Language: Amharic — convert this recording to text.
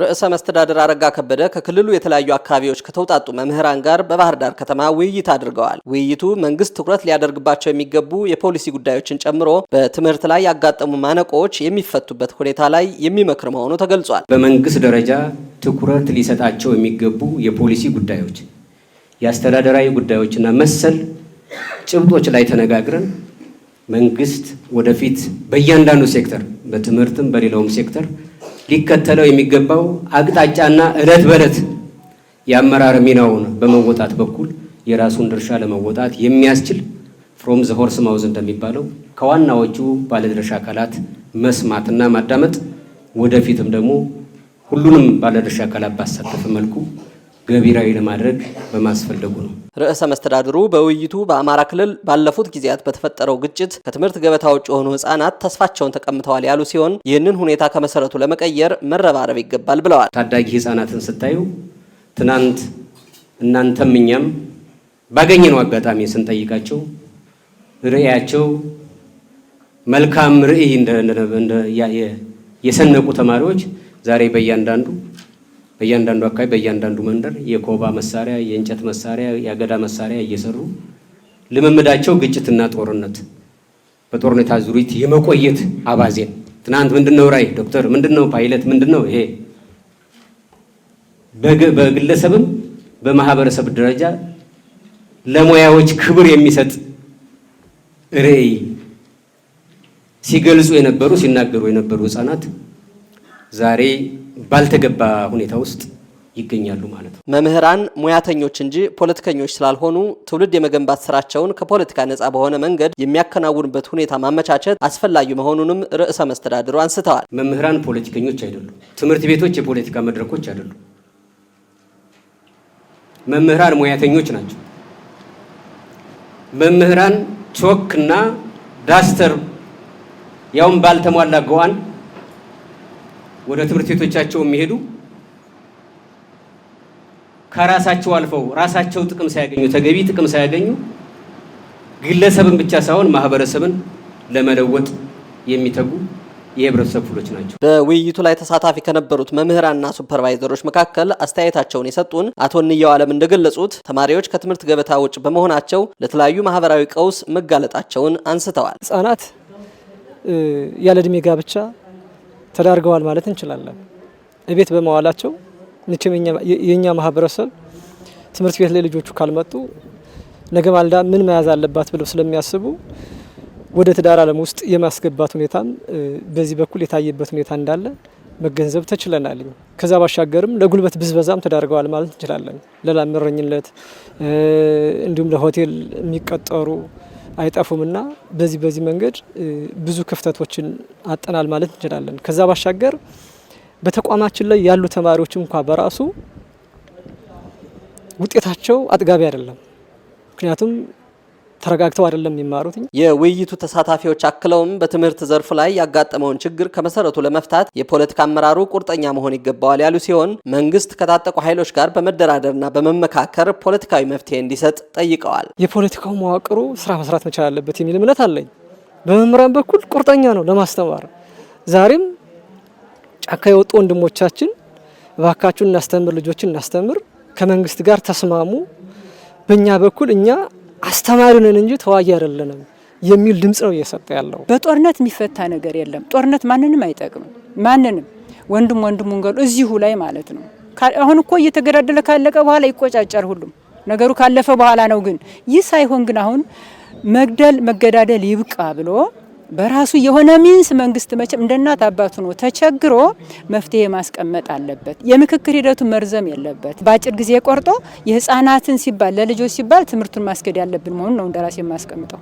ርዕሰ መስተዳድር አረጋ ከበደ ከክልሉ የተለያዩ አካባቢዎች ከተውጣጡ መምህራን ጋር በባህር ዳር ከተማ ውይይት አድርገዋል። ውይይቱ መንግስት ትኩረት ሊያደርግባቸው የሚገቡ የፖሊሲ ጉዳዮችን ጨምሮ በትምህርት ላይ ያጋጠሙ ማነቆዎች የሚፈቱበት ሁኔታ ላይ የሚመክር መሆኑ ተገልጿል። በመንግስት ደረጃ ትኩረት ሊሰጣቸው የሚገቡ የፖሊሲ ጉዳዮች፣ የአስተዳደራዊ ጉዳዮችና መሰል ጭብጦች ላይ ተነጋግረን መንግስት ወደፊት በእያንዳንዱ ሴክተር በትምህርትም በሌላውም ሴክተር ሊከተለው የሚገባው አቅጣጫና እለት በእለት የአመራር ሚናውን በመወጣት በኩል የራሱን ድርሻ ለመወጣት የሚያስችል ፍሮም ዘ ሆርስ ማውዝ እንደሚባለው ከዋናዎቹ ባለድርሻ አካላት መስማትና ማዳመጥ ወደፊትም ደግሞ ሁሉንም ባለድርሻ አካላት ባሳተፈ መልኩ ገቢራዊ ለማድረግ በማስፈለጉ ነው። ርዕሰ መስተዳድሩ በውይይቱ በአማራ ክልል ባለፉት ጊዜያት በተፈጠረው ግጭት ከትምህርት ገበታ ውጭ የሆኑ ህጻናት ተስፋቸውን ተቀምተዋል ያሉ ሲሆን ይህንን ሁኔታ ከመሰረቱ ለመቀየር መረባረብ ይገባል ብለዋል። ታዳጊ ህጻናትን ስታዩ ትናንት እናንተም እኛም ባገኘነው አጋጣሚ ስንጠይቃቸው ርዕያቸው መልካም ርዕይ የሰነቁ ተማሪዎች ዛሬ በእያንዳንዱ በእያንዳንዱ አካባቢ በእያንዳንዱ መንደር የኮባ መሳሪያ፣ የእንጨት መሳሪያ፣ የአገዳ መሳሪያ እየሰሩ ልምምዳቸው ግጭትና ጦርነት በጦርነት አዙሪት የመቆየት አባዜን ትናንት ምንድነው ራይ ዶክተር ምንድነው ፓይለት ነው ይሄ በግለሰብም በማህበረሰብ ደረጃ ለሙያዎች ክብር የሚሰጥ ርዕይ ሲገልጹ የነበሩ ሲናገሩ የነበሩ ህጻናት ዛሬ ባልተገባ ሁኔታ ውስጥ ይገኛሉ ማለት ነው። መምህራን ሙያተኞች እንጂ ፖለቲከኞች ስላልሆኑ ትውልድ የመገንባት ስራቸውን ከፖለቲካ ነጻ በሆነ መንገድ የሚያከናውኑበት ሁኔታ ማመቻቸት አስፈላጊ መሆኑንም ርዕሰ መስተዳድሩ አንስተዋል። መምህራን ፖለቲከኞች አይደሉም። ትምህርት ቤቶች የፖለቲካ መድረኮች አይደሉም። መምህራን ሙያተኞች ናቸው። መምህራን ቾክና ዳስተር ያውም ባልተሟላ ገዋን ወደ ትምህርት ቤቶቻቸው የሚሄዱ ከራሳቸው አልፈው ራሳቸው ጥቅም ሳያገኙ ተገቢ ጥቅም ሳያገኙ ግለሰብን ብቻ ሳይሆን ማህበረሰብን ለመለወጥ የሚተጉ የህብረተሰብ ክፍሎች ናቸው። በውይይቱ ላይ ተሳታፊ ከነበሩት መምህራንና ሱፐርቫይዘሮች መካከል አስተያየታቸውን የሰጡን አቶ እንየው አለም እንደገለጹት ተማሪዎች ከትምህርት ገበታ ውጭ በመሆናቸው ለተለያዩ ማህበራዊ ቀውስ መጋለጣቸውን አንስተዋል። ህጻናት ያለ እድሜ ጋብቻ ተዳርገዋል ማለት እንችላለን። እቤት በመዋላቸው ንችም የእኛ ማህበረሰብ ትምህርት ቤት ላይ ልጆቹ ካልመጡ ነገ ማልዳ ምን መያዝ አለባት ብለው ስለሚያስቡ ወደ ትዳር ዓለም ውስጥ የማስገባት ሁኔታም በዚህ በኩል የታየበት ሁኔታ እንዳለ መገንዘብ ተችለናል። ከዛ ባሻገርም ለጉልበት ብዝበዛም ተዳርገዋል ማለት እንችላለን። ለላመረኝነት እንዲሁም ለሆቴል የሚቀጠሩ አይጠፉምና በዚህ በዚህ መንገድ ብዙ ክፍተቶችን አጠናል ማለት እንችላለን። ከዛ ባሻገር በተቋማችን ላይ ያሉ ተማሪዎች እንኳ በራሱ ውጤታቸው አጥጋቢ አይደለም። ምክንያቱም ተረጋግተው አይደለም የሚማሩት። የውይይቱ ተሳታፊዎች አክለውም በትምህርት ዘርፍ ላይ ያጋጠመውን ችግር ከመሰረቱ ለመፍታት የፖለቲካ አመራሩ ቁርጠኛ መሆን ይገባዋል ያሉ ሲሆን መንግስት ከታጠቁ ኃይሎች ጋር በመደራደርና በመመካከር ፖለቲካዊ መፍትሄ እንዲሰጥ ጠይቀዋል። የፖለቲካው መዋቅሩ ስራ መስራት መቻል አለበት የሚል እምነት አለኝ። በመምህራን በኩል ቁርጠኛ ነው ለማስተማር። ዛሬም ጫካ የወጡ ወንድሞቻችን እባካችሁን እናስተምር፣ ልጆችን እናስተምር፣ ከመንግስት ጋር ተስማሙ። በእኛ በኩል እኛ አስተማሪ ነን እንጂ ተዋጊ አይደለንም የሚል ድምጽ ነው እየሰጠ ያለው። በጦርነት የሚፈታ ነገር የለም። ጦርነት ማንንም አይጠቅምም። ማንንም ወንድም ወንድሙን ገሎ እዚሁ ላይ ማለት ነው። አሁን እኮ እየተገዳደለ ካለቀ በኋላ ይቆጫጫል ሁሉም ነገሩ ካለፈ በኋላ ነው። ግን ይህ ሳይሆን ግን አሁን መግደል መገዳደል ይብቃ ብሎ በራሱ የሆነ ሚንስ መንግስት መቼም እንደ እናት አባቱ ነው ተቸግሮ መፍትሄ ማስቀመጥ አለበት። የምክክር ሂደቱ መርዘም የለበት። በአጭር ጊዜ ቆርጦ የህፃናትን ሲባል ለልጆች ሲባል ትምህርቱን ማስኬድ ያለብን መሆኑን ነው እንደራሴ የማስቀምጠው።